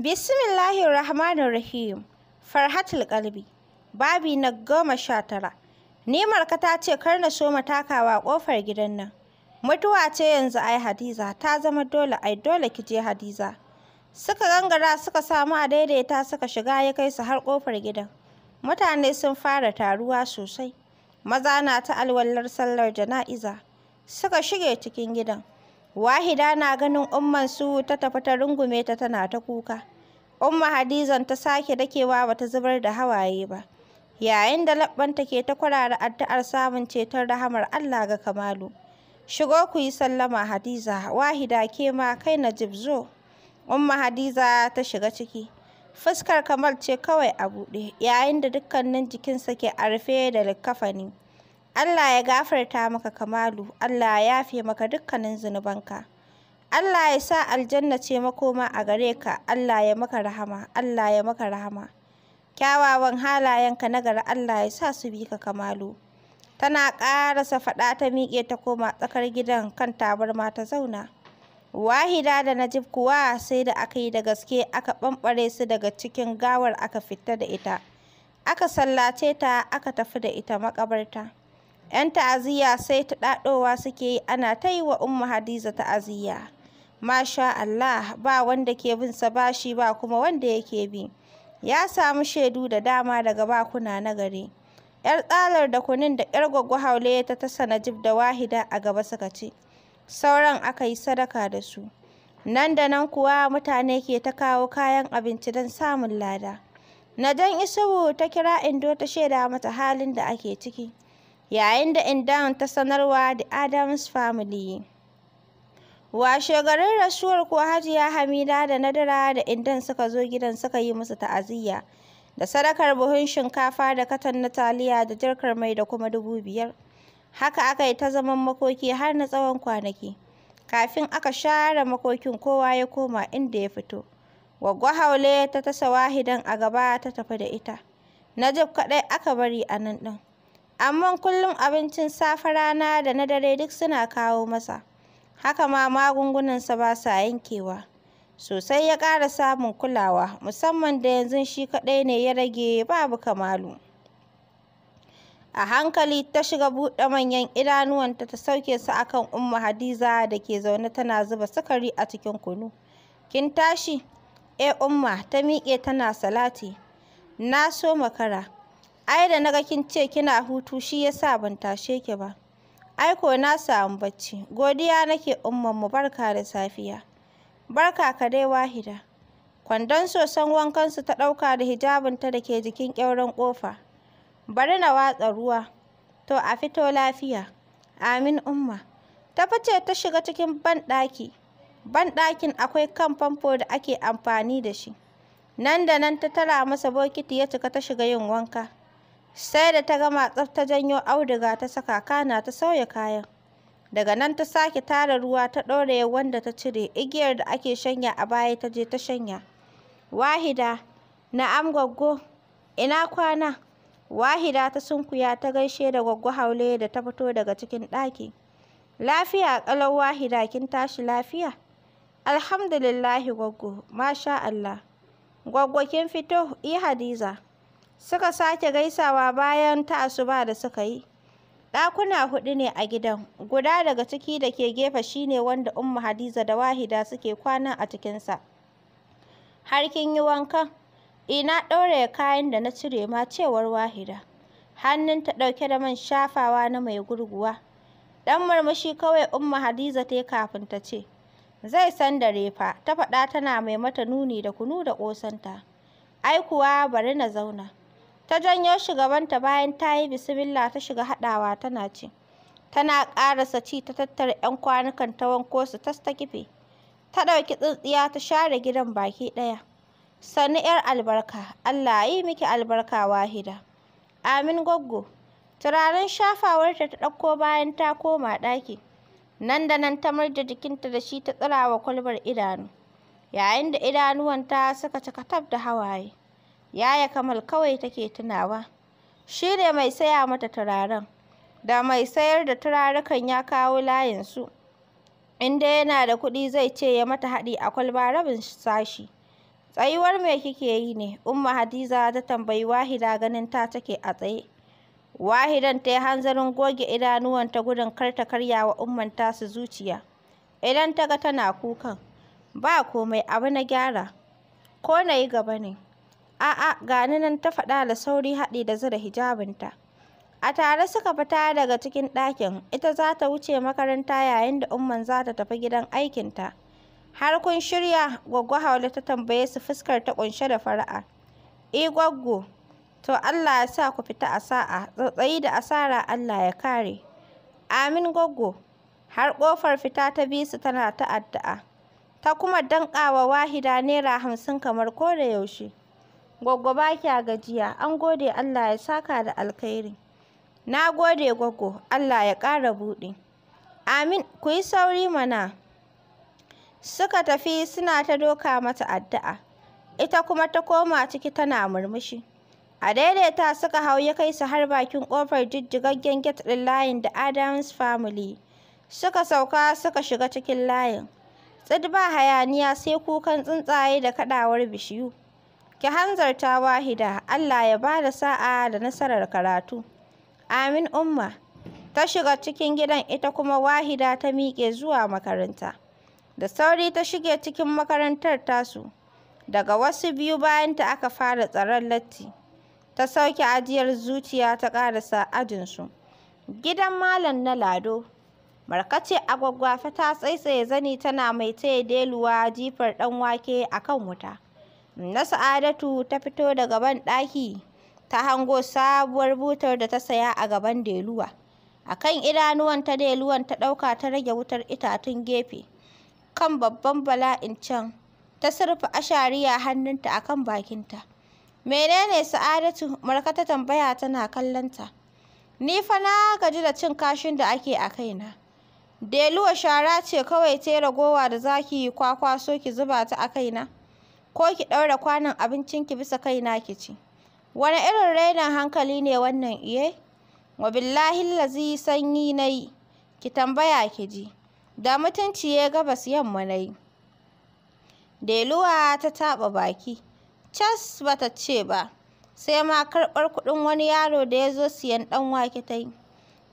Bismillahir Rahmanir Rahim. Farhatul Qalbi. Babi na goma sha tara. Nimarka ta ce kar na so mu takawa kofar gidan nan. Mutuwa ce yanzu ai Hadiza ta zama dole ai dole ki je Hadiza. Suka gangara suka samu a daidaita suka shiga ya kai su har kofar gidan. Mutane sun fara taruwa sosai. Maza na ta alwallar sallar jana'iza. Suka shige cikin gidan. Wahida na ganin umman su ta tafi ta rungume ta tana ta kuka. Umma Hadizan ta sake dakewa bata zubar da hawaye ba. Yayin da labbanta ke ta kwarara addu'ar samun ceton rahamar Allah ga Kamalu. Shigo ku yi sallama Hadiza, Wahida ke ma kai Najib zo. Umma Hadiza ta shiga ciki. Fuskar Kamal ce kawai a buɗe, yayin da dukkanin jikinsa ke arfe rufe da likkafani. Allah ya gafarta maka Kamalu, Allah ya yafe maka dukkanin zunubanka. Allah ya sa aljanna ce makoma a gare ka, Allah ya maka rahama, Allah ya maka rahama. Kyawawan halayenka na gara Allah ya sa su bi ka Kamalu. Tana ƙarasa faɗa ta miƙe ta koma tsakar gidan kan tabarma ta zauna. Wahida da Najib kuwa sai da aka yi da gaske aka ɓamɓare su daga cikin gawar aka fita da ita. Aka sallace ta aka tafi da ita makabarta. ‘Yan ta'aziyya sai ta ɗaɗowa suke yi ana ta yi wa Umma Hadiza ta'aziyya. Masha Allah, ba wanda ke bin sa bashi ba kuma wanda yake bi. Ya samu shaidu da dama daga bakuna na gari. ‘Yar tsalar da kunin da ‘yar gwaggwa haule ta ta sanajib da wahida a gaba suka ce, sauran aka yi sadaka da su. Nan da nan kuwa mutane ke ta kawo kayan abinci don samun lada. na jan isubu ta kira Indo ta shaida mata halin da ake ciki. yayin da Indan ta sanarwa da Adams family. Washegarin rasuwar kuwa Hajiya Hamida da Nadira da Indan suka zo gidan suka yi musu ta'aziyya da sadakar buhun shinkafa da katon na taliya da jarkar mai da kuma dubu biyar. Haka aka yi ta zaman makoki har na tsawon kwanaki. Kafin aka share makokin kowa ya koma inda ya fito. Gwaggwa Haule ta tasa wahidan a gaba ta tafi da ita. Najib kaɗai aka bari a nan ɗin. amma kullum abincin safe rana da na dare duk suna kawo masa haka ma magungunansa ba sa yankewa sosai ya ƙara samun kulawa musamman da yanzu shi kaɗai ne ya rage babu kamalu a hankali ta shiga buɗe manyan idanuwanta ta sauke su akan umma hadiza da ke zaune tana zuba sukari a cikin kunu kin tashi eh umma ta miƙe tana salati na so makara Ai da naga kin ce kina hutu shi yasa ban tashe ki ba. Ai ko na samu bacci. Godiya nake mu barka da safiya. Barka ka dai Wahida. Kwandon soson su ta ɗauka da hijabinta da ke jikin kyauren kofa Bari na watsa ruwa. To a fito lafiya. Amin umma. Ta fice ta shiga cikin banɗaki. Banɗakin akwai kan famfo da ake amfani da shi. Nan da nan ta tara masa bokiti ya cika ta shiga yin wanka. sai da ta gama tsaf ta janyo auduga ta saka kana ta sauya kayan daga nan ta sake tara ruwa ta ɗoraye wanda ta cire igiyar da ake shanya a baya ta je ta shanya wahida na'am gwaggo ina kwana wahida ta sunkuya ta gaishe da gwaggo haule da ta fito daga cikin ɗaki lafiya ƙalau wahida kin tashi lafiya alhamdulillahi gwaggo masha allah gwaggo kin fito i hadiza Suka sake gaisawa bayan ta asuba da suka yi. Ɗakuna huɗu ne a gidan, guda daga ciki da ke gefe shine wanda Umma Hadiza da Wahida suke kwana a cikinsa. Har kin yi wanka Ina ɗaure kayan da na cire ma cewar Wahida. Hannun ta ɗauke da man shafawa na mai gurguwa. Ɗan murmushi kawai Umma Hadiza ta yi kafin ta ce, Zai san da refa. ta faɗa tana mai mata nuni da kunu da ƙosanta. Ai kuwa bari na zauna. ta janyo shugabanta bayan ta yi bisimilla ta shiga haɗawa tana ci tana ƙarasa ci ta tattara 'yan kwanukan ta wanko su tas ta kife ta ɗauki tsintsiya ta share gidan baki ɗaya Sani 'yar albarka Allah yi miki albarka wahida amin goggo turaren shafawarta ta ɗauko bayan ta koma ɗaki nan da nan ta murda jikinta da shi ta tsirawa kwalbar idanu yayin da idanuwanta suka cika tab da hawaye Yaya Kamal kawai take tunawa. Shi ne mai saya mata turaren. Da mai sayar da turarukan ya kawo layinsu. In dai yana da kuɗi zai ce ya mata haɗi a kwalba rabin sashi. Tsayuwar me kike yi ne? Umma Hadiza ta tambayi Wahida ganin ta take a tsaye. Wahidan ta yi hanzarin goge idanuwan ta gudun kar ta karya wa umman su zuciya. Idan ta ga tana kukan, ba komai abu na gyara, ko na yi gaba ne. A'a, gani nan ta faɗa da sauri haɗi da zura hijabinta. A tare suka fita daga cikin ɗakin, ita za ta wuce makaranta yayin da umman za ta tafi gidan aikinta. Har kun shirya, gwaggo Haula ta tambaye su fuskar ta ƙunshe da fara'a. E gwaggo, to Allah ya sa ku fita a sa'a, tsatsayi da asara Allah ya kare. Amin gwaggo, har ƙofar fita ta bi su tana ta'adda'a. Ta kuma danƙawa wahida naira hamsin kamar ko da yaushe. Gwaggo ba kya gajiya, an gode Allah ya saka da alkhairi. Na gode gwaggo, Allah ya ƙara buɗe. Amin, ku yi sauri mana. Suka tafi suna ta doka mata addu'a, ita kuma ta koma ciki tana murmushi. A daidaita suka hau ya kai su har bakin ƙofar jijjigaggen get ɗin layin da Adams family. Suka sauka suka shiga cikin layin. Tsid ba hayaniya sai kukan tsuntsaye da kaɗawar bishiyu. Ki hanzarta Wahida, Allah ya ba da sa'a da nasarar karatu. Amin Umma. Ta shiga cikin gidan ita kuma Wahida ta miƙe zuwa makaranta. Da sauri ta shige cikin makarantar tasu. Daga wasu biyu bayan ta aka fara tsaron latti. Ta sauke ajiyar zuciya ta ƙarasa ajinsu. Gidan Malam na Lado. Markace agwaggwafa ta tsaitsaye zani tana mai taya deluwa jifar ɗan wake a kan wuta. na sa'adatu ta fito daga ban ɗaki ta hango sabuwar butar da ta saya a gaban deluwa a kan idanuwan ta deluwan ta ɗauka ta rage wutar itatun gefe kan babban bala'in can ta surfa ashariya hannunta a kan bakinta menene sa'adatu marka ta tambaya tana kallonta ni fa na gaji da cin kashin da ake a kaina deluwa shara ce kawai ta ragowa da zaki kwakwaso ki zuba ta a kaina ko ki ɗaura kwanon abincinki bisa kaina ki ci. Wani irin rainin hankali ne wannan iye? Wa billahi lazi sanyi na yi, ki tambaya ki ji, da mutunci ya gabas yamma na yi. Deluwa ta taɓa baki, cas ba ta ce ba, sai ma karɓar kuɗin wani yaro da ya zo siyan ɗan wake ta yi.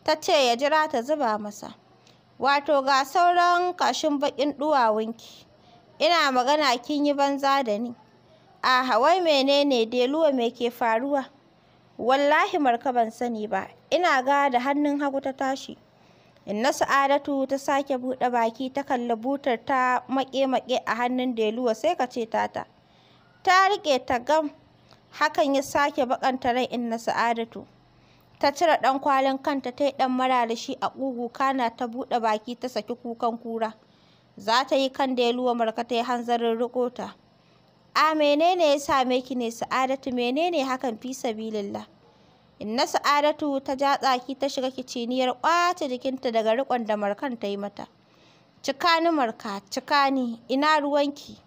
Ta ce ya jira ta zuba masa, wato ga sauran kashin baƙin ɗuwawunki. Ina magana kin yi banza da ni. Aha wai menene luwa me ke faruwa? Wallahi marka ban sani ba, ina ga da hannun hagu ta tashi. Inna Sa'adatu ta sake buɗe baki ta kalli butar ta maƙe-maƙe a hannun Deluwa sai ka ce tata. Ta riƙe ta gam, hakan ya sake baƙanta rai Inna Sa'adatu. Ta cire ɗan kwalin kanta ta yi ɗan shi a ƙugu kana ta buɗe baki ta saki kukan kura. za ta yi kan deluwa marka ta yi hanzarin rikota. a menene ya same ki ne sa'adatu menene hakan fi sabilillah inna sa'adatu ta ja tsaki ta shiga kiciniyar kwace jikinta daga rikon da markan ta yi mata cikani marka cikani ina ruwanki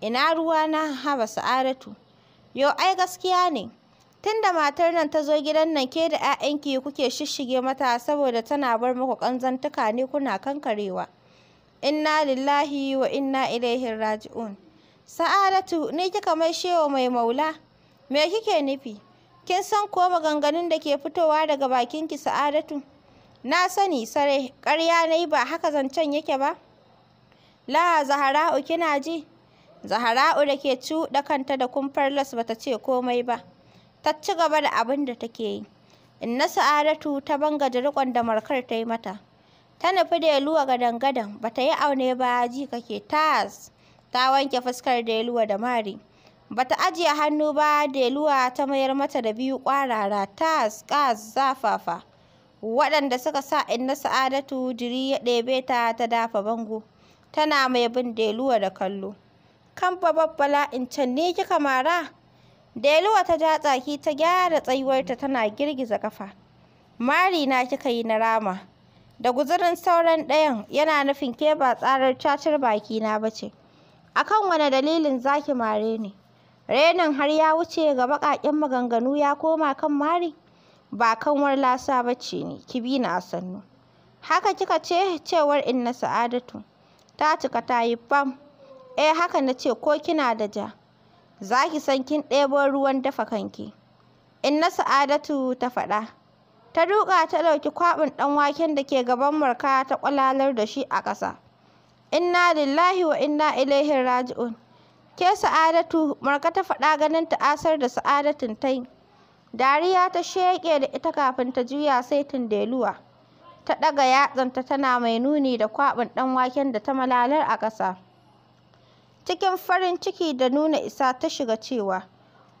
ina ruwana haba sa'adatu yo ai gaskiya ne tunda matar nan ta zo gidan nan ke da 'ya'yanki kuke shishshige mata saboda tana bar muku ƙanzantuka ne kuna kankarewa inna lillahi wa inna ilaihi raji'un sa'adatu ni kika mai shewa mai maula me kike nufi kin san ko maganganun da ke fitowa daga bakinki sa'adatu na sani sare ƙarya ne ba haka zancen yake ba la zahara'u kina ji zahara'u da ke cuɗa kanta da kumfar bata ce komai ba ta ci gaba da abin da take yi inna sa'adatu ta banga riƙon da markar ta yi mata ta nufi Deluwa gadan-gadan ba ta yi aune ba ji kake tas ta wanke fuskar yaluwa da mari ba ta ajiye hannu ba Deluwa ta mayar mata da biyu ƙwarara tas kas zafafa waɗanda suka sa inna sa'adatu jiri ya ɗebe ta ta dafa bango tana mai bin Deluwa da kallo kan babbala in can ne kika mara Deluwa ta ja tsaki ta gyara tsayuwarta tana girgiza kafa mari na kika yi na rama da guzurin sauran ɗayan yana nufin ke ba tsarar cacar bakina ba ce akan wane dalilin zaki mare ni renin har ya wuce ga baƙaƙen maganganu ya koma kan mari ba kanwar lasa ba ce ki bi na a sannu haka kika ce cewar inna sa'adatu ta cika ta yi fam eh haka na ce ko kina da ja za ki san kin ɗebo ruwan dafa kanki inna sa'adatu ta faɗa ta duƙa ta ɗauki kwaɓin ɗan waken da ke gaban marka ta ƙwalalar da shi a ƙasa inna lillahi wa inna ilaihi raji'un ke sa'adatu marka ta faɗa ganin ta asar da sa'adatin ta yi dariya ta sheƙe da ita kafin ta juya sai tindeluwa ta ɗaga yatsanta tana mai nuni da kwaɓin ɗan waken da ta malalar a ƙasa cikin farin ciki da nuna isa ta shiga cewa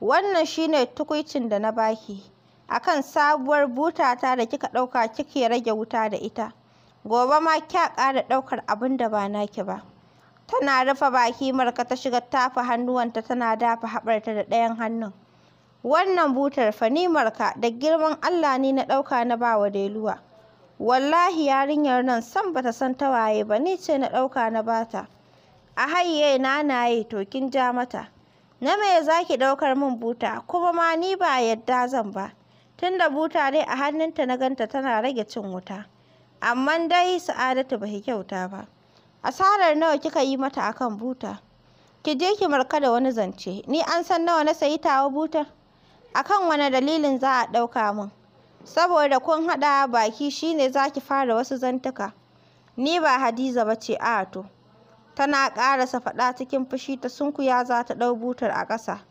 wannan shi ne tukuicin da na baki akan sabuwar butata da kika ɗauka kike rage wuta da ita gobe ma kya ƙara ɗaukar abin da ba naki ba tana rufe baki marka ta shiga tafa hannuwanta tana dafa haɓarta da ɗayan hannun wannan butar fa ni da girman Allah ne na ɗauka na ba wa Deluwa wallahi yarinyar nan san bata san ta waye ba ni ce na ɗauka na bata a hayye nanaye to kin ja mata na me zaki ɗaukar min buta kuma ma ni ba yadda zan ba tun da buta dai a hannunta na ganta tana rage cin wuta amma dai sa'adatu bai kyauta ba asarar nawa kika yi mata akan buta ki je ki marka da wani zance ni an san nawa na sayi tawa butar akan wani dalilin za a ɗauka min saboda kun haɗa baki shine zaki fara wasu zantuka ni ba hadiza ba ce a to tana ƙarasa faɗa cikin fushi ta sunkuya za ta ɗau butar a ƙasa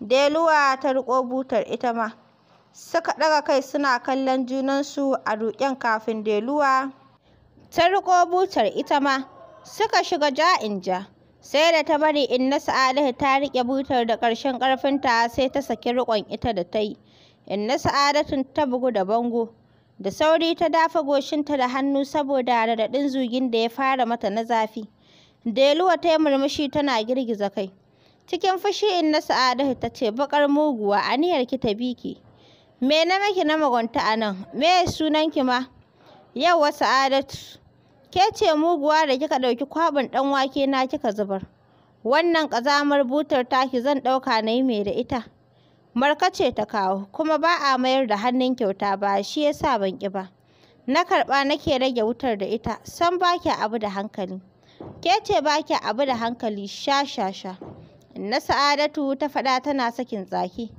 deluwa ta riƙo butar ita ma suka ɗaga kai suna kallon junansu a duƙen kafin Deluwa ta riƙo butar ita ma suka shiga ja in ja sai da ta bari inna Sa'adatu ta riƙe butar da ƙarshen ƙarfinta sai ta saki riƙon ita da ta yi inna Sa'adatu ta bugu da bango da sauri ta dafa goshinta da hannu saboda raɗaɗin zugin da ya fara mata na zafi Deluwa ta yi murmushi tana girgiza kai cikin fushi inna Sa'adatu ta ce baƙar muguwa aniyarki ta bi biki Me na miki na mugunta a nan? Me sunanki ma? Yauwa Sa'adatu. Ke ce muguwa da kika ɗauki kwaɓin ɗan wake na kika zubar. Wannan ƙazamar butar taki zan ɗauka na yi mai da ita. Marka ce ta kawo, kuma ba a mayar da hannun kyauta ba, shi ya sa ban ƙi ba. Na karɓa nake rage wutar da ita, san ba kya abu da hankali. Ke ce ba kya abu da hankali, sha sha sha. Na Sa'adatu ta faɗa tana sakin tsaki.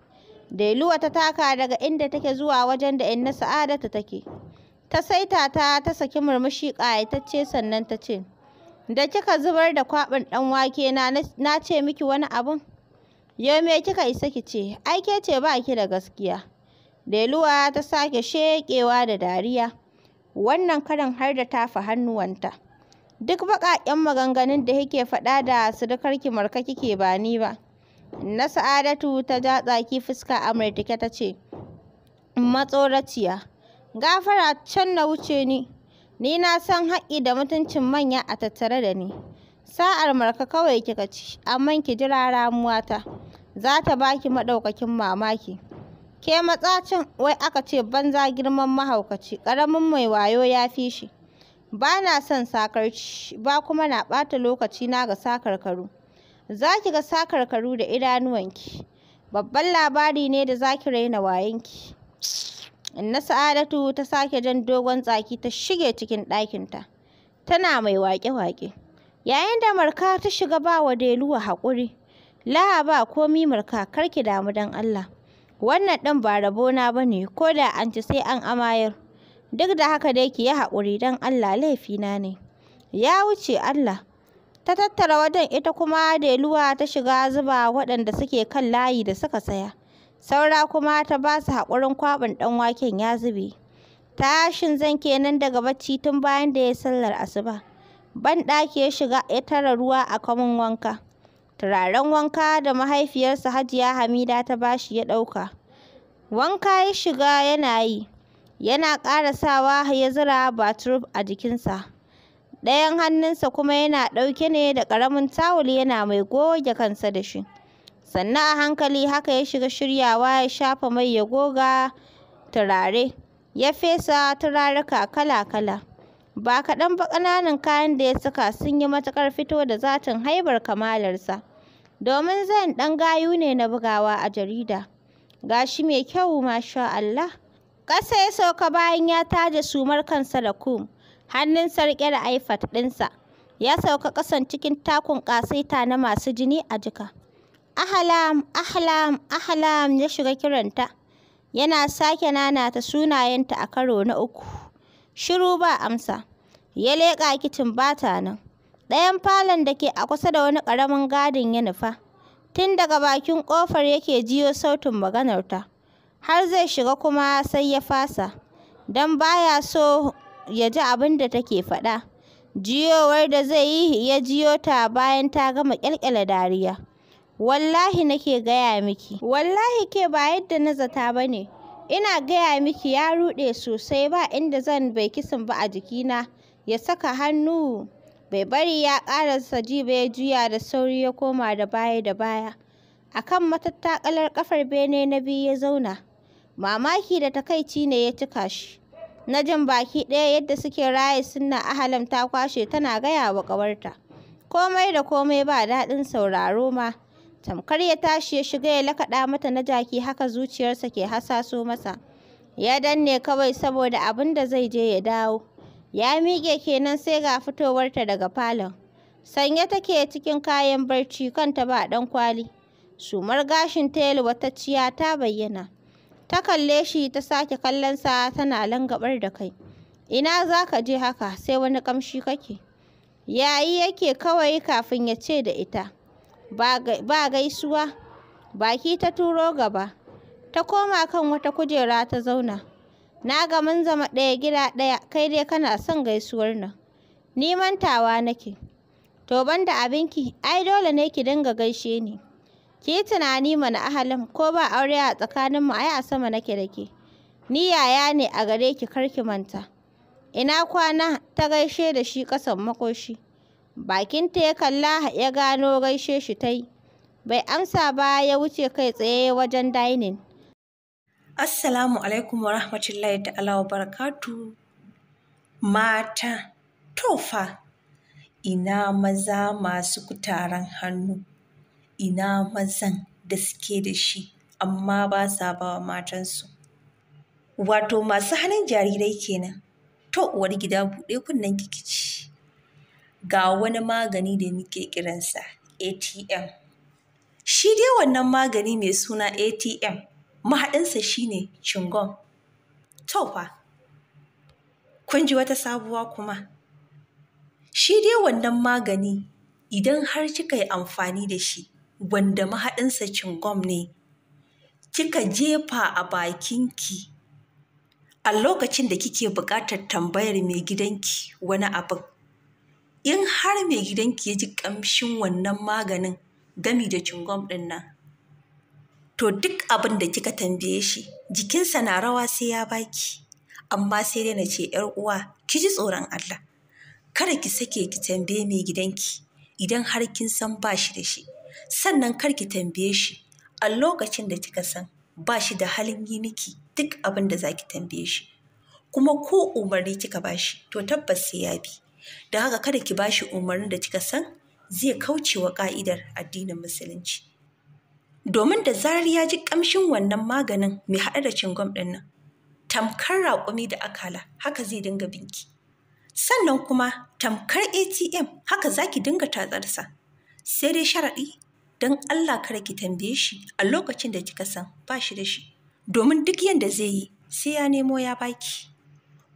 Dailuwa ta taka daga inda take zuwa wajen da inna Sa'adatu take. Ta saita ta ta saki murmushi ƙayatacce sannan ta ce, Da kika zubar da kwaɓin ɗan wake na na ce miki wani abun? Yau me kika isa ki ce, ai ke ce ba ki da gaskiya. Dailuwa ta sake sheƙewa da dariya. Wannan karin har da tafa hannuwanta. Duk baƙaƙen maganganun da yake faɗa da surukarki marka kike ba ni ba. na sa'adatu ta ja tsaki fuska a murtuke ta ce matsoraciya gafara can na wuce ni ni na san haƙƙi da mutuncin manya a tattare da ni sa'ar marka kawai kika ci amma ki jira ta. za ta baki maɗaukakin mamaki ke matsacin wai aka ce banza girman mahaukaci karamin mai wayo ya fi shi ba na son sakarci ba kuma na ɓata lokaci na ga sakarkaru za ki ga sakarkaru da idanuwanki babban labari ne da za ki raina wayanki inna sa'adatu ta sake jan dogon tsaki ta shige cikin ɗakinta tana mai waƙe-waƙe yayin da marka ta shiga ba wa deluwa haƙuri laha ba komi marka ki damu don allah wannan ɗin ba rabona ba ne ko da an ci sai an amayar duk da haka dai ki yi haƙuri don allah laifina ne ya wuce allah ta tattara wajen ita kuma deluwa ta shiga zuba waɗanda suke kan layi da suka saya saura kuma ta ba su haƙurin kwaɓin ɗan waken ya zube tashin zan kenan daga bacci tun bayan da ya sallar asuba ban ɗaki ya shiga ya tara ruwa a kamun wanka turaren wanka da mahaifiyarsa hajiya hamida ta bashi ya ɗauka wanka ya shiga yana yi yana ƙara sawa ya zura baturuf a jikinsa ɗayan hannunsa kuma yana ɗauke ne da ƙaramin tawul yana mai goge kansa da shi sannan a hankali haka ya shiga shiryawa ya shafa mai ya goga turare ya fesa turaruka kala-kala ba kaɗan ba ƙananan kayan da ya saka sun yi matuƙar fito da zatin haibar kamalarsa domin zan ɗan gayu ne na bugawa a jarida Ga shi mai kyau masha Allah ƙasa ya sauka bayan ya taje sumar kansa da ku. hannun sarƙe da aifat ɗinsa ya sauka ƙasan cikin takun ƙasaita na masu jini a jika. Ahlam, ahlam, ahlam ya shiga kiranta, yana sake nana ta sunayenta a karo na uku. Shiru ba amsa, ya leƙa kicin bata nan. Ɗayan falon da ke a kusa da wani ƙaramin gadin ya nufa. Tun daga bakin ƙofar yake jiyo sautin maganarta, har zai shiga kuma sai ya fasa, don baya so ya ji abin da take faɗa. Jiyowar da zai yi ya jiyo ta bayan ta gama ƙyalƙyala dariya. Wallahi nake gaya miki. Wallahi ke ba yadda na zata ba ne. Ina gaya miki ya ruɗe sosai ba inda zan bai kisan ba a jikina. Ya saka hannu. Bai bari ya ƙara ji ba ya juya da sauri ya koma da baya da baya. A kan matattakalar ƙafar bene na biyu ya zauna. Mamaki da takaici ne ya cika shi. na jin baki ɗaya yadda suke raye sunna ahalam ta kwashe tana gaya wa ƙawarta komai da komai ba daɗin sauraro ma tamkar ya tashi ya shiga ya lakaɗa mata na jaki haka zuciyarsa ke hasaso masa ya danne kawai saboda abin da zai je ya dawo ya miƙe kenan sai ga fitowarta daga falon sanye take cikin kayan barci kanta ba ɗan kwali sumar gashin ta yalwatacciya ta bayyana Ta kalle shi ta sake kallon sa tana langabar da kai. Ina za ka je haka sai wani kamshi kake? Yayi yake kawai kafin ya ce da ita. Ba gaisuwa. Baki ta turo gaba. Ta koma kan wata kujera ta zauna. Na ga mun zama ɗaya gida ɗaya kai dai kana son gaisuwar nan. Ni mantawa nake. To banda abinki, ai dole ne ki dinga gaishe ni. ki yi tunani mana ahalin ko ba aure a tsakaninmu ai a sama nake da ke ni yaya ne a gare ki kar ki manta ina kwana ta gaishe da shi ƙasan makoshi ta ya kalla ya gano gaishe shi ta yi bai amsa ba ya wuce kai tsaye wajen dainin assalamu alaikum wa rahmatullahi ta'ala wa barakatu mata tofa ina maza masu kutaren hannu ina mazan da suke da shi amma ba sa ba wa matansu. Wato masu hannun jarirai kenan, to uwar gida buɗe kunnen kikici. Ga wani magani da muke kiransa ATM. Shi dai wannan magani mai suna ATM, mahaɗinsa shine cingom. To fa, kun ji wata sabuwa kuma. Shi dai wannan magani idan har kika yi amfani da shi, wanda mahaɗinsa cingom ne, kika jefa a bakinki a lokacin da kike buƙatar tambayar mai gidanki wani abin. In har mai gidanki ya ji ƙamshin wannan maganin gami da cingom ɗin nan, to duk abin da kika tambaye shi jikinsa na rawa sai ya baki. Amma sai dai na ce ‘yar uwa, ki ji tsoron Allah, kada ki sake ki tambaye mai gidanki idan har kin san ba shi da shi. sannan kar ki tambaye shi a lokacin da kika san ba shi da halin yi miki duk abin da za ki tambaye shi kuma ko umarni kika ba shi to tabbas sai ya bi da haka kada ki ba shi umarnin da kika san zai kauce wa ka'idar addinin musulunci domin da zarar ya ji kamshin wannan maganin mai haɗa da cingom ɗin nan tamkar raƙumi da akala haka zai dinga binki sannan kuma tamkar atm haka za ki dinga tatsarsa sai dai sharaɗi don Allah kar ki tambaye shi a lokacin da kika san ba shi da shi domin duk yanda zai yi sai ya nemo ya baki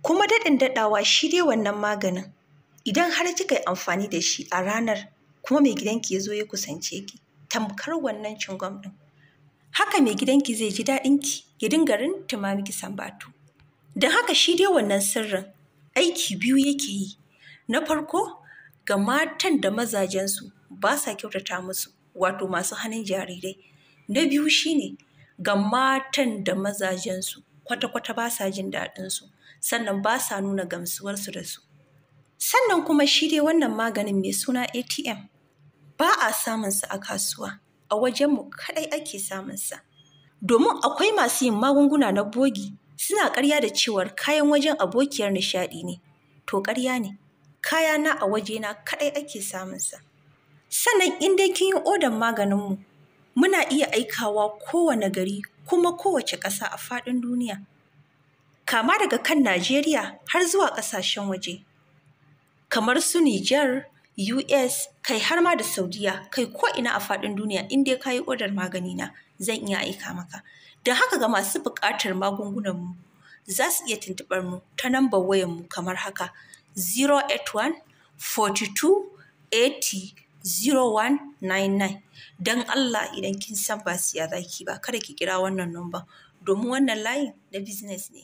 kuma daɗin daɗawa shi dai wannan maganin idan har kika yi amfani da shi a ranar kuma mai gidanki ya zo ya kusance ki tamkar wannan cingom ɗin haka mai gidanki zai ji daɗinki ya dinga rintuma miki sambatu don haka shi dai wannan sirrin aiki biyu yake yi na farko ga matan da mazajensu ba sa kyautata musu wato masu hannun jarirai. Na biyu shine ga matan da mazajensu kwata-kwata ba sa jin daɗinsu sannan ba sa nuna gamsuwarsu da su. Sannan kuma shi dai wannan maganin mai suna ATM ba a samunsa a kasuwa, a wajenmu kaɗai ake samunsa. Domin akwai masu yin magunguna na bogi suna karya da cewar kayan wajen abokiyar nishaɗi ne, to karya ne, Kaya na a wajena kaɗai ake samunsa. Sannan in dai kin yi odan maganinmu, muna iya aikawa kowane gari kuma kowace ƙasa a faɗin duniya. Kama daga kan Najeriya har zuwa ƙasashen waje. Kamar su Nijar, US, kai har ma da Saudiya, kai ko ina a faɗin duniya in dai ka yi odar maganina zan iya aika maka. Don haka ga masu buƙatar magungunanmu za su iya tuntuɓar mu ta nambar wayanmu kamar haka 081 42 80 0199 don Allah idan kin san ba siya zaki ba kada ki kira wannan numba domin wannan layin na business ne.